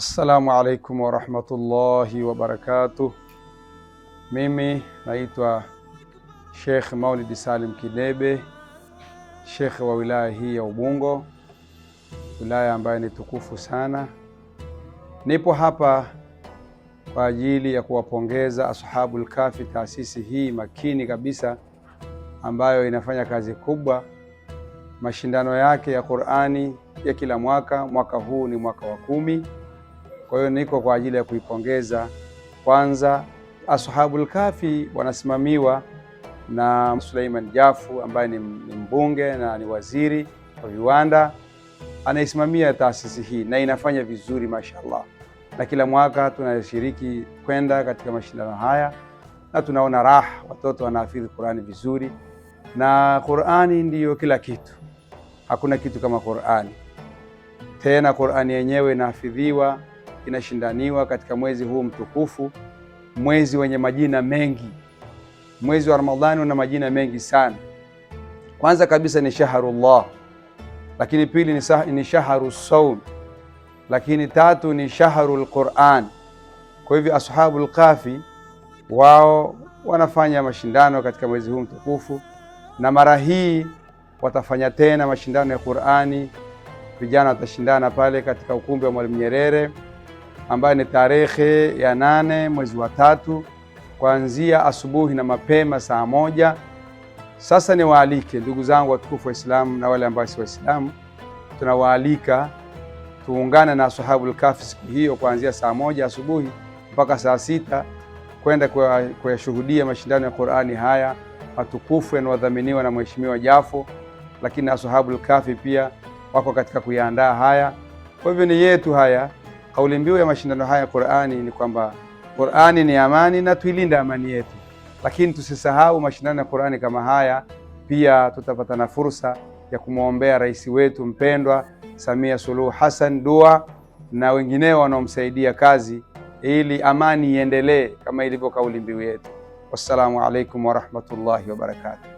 Assalamu alaikum warahmatullahi wabarakatuh. Mimi naitwa Sheikh Maulid Salim Kidebe, Sheikh wa wilaya hii ya Ubungo, wilaya ambayo ni tukufu sana. Nipo hapa kwa ajili ya kuwapongeza Ashabul Kahfi, taasisi hii makini kabisa ambayo inafanya kazi kubwa. Mashindano yake ya Qur'ani ya kila mwaka, mwaka huu ni mwaka wa kumi. Kwa hiyo niko kwa ajili ya kuipongeza kwanza Ashabul Kafi, wanasimamiwa na Suleiman Jafu ambaye ni mbunge na ni waziri wa viwanda, anaisimamia taasisi hii na inafanya vizuri mashallah, na kila mwaka tunashiriki kwenda katika mashindano haya na tunaona raha, watoto wanahafidhi Qurani vizuri, na Qurani ndiyo kila kitu. Hakuna kitu kama Qurani. Tena Qurani yenyewe inahafidhiwa kinashindaniwa katika mwezi huu mtukufu, mwezi wenye majina mengi. Mwezi wa Ramadhani una majina mengi sana. Kwanza kabisa ni shahrullah, lakini pili ni, sah ni shahru saum, lakini tatu ni shahrul Qur'an. Kwa hivyo ashabu kafi wao wanafanya mashindano katika mwezi huu mtukufu, na mara hii watafanya tena mashindano ya Qur'ani. Vijana watashindana pale katika ukumbi wa Mwalimu Nyerere ambayo ni tarehe ya nane mwezi wa tatu kuanzia asubuhi na mapema saa moja. Sasa niwaalike ndugu zangu watukufu Waislamu na wale ambao si Waislamu, tunawaalika tuungane na Ashabul Kahfi siku hiyo kuanzia saa moja asubuhi mpaka saa sita kwenda kuyashuhudia mashindano ya Qur'ani haya matukufu yanaodhaminiwa na Mheshimiwa Jafo, lakini Ashabul Kahfi pia wako katika kuyaandaa haya. Kwa hivyo ni yetu haya Kauli mbiu ya mashindano haya Qur'ani ni kwamba Qur'ani ni amani na tuilinde amani yetu, lakini tusisahau mashindano ya Qur'ani kama haya pia tutapata na fursa ya kumwombea rais wetu mpendwa Samia Suluhu Hassan dua na wengineo wanaomsaidia kazi, ili amani iendelee kama ilivyo kauli mbiu yetu. Wassalamu alaikum warahmatullahi wabarakatuh.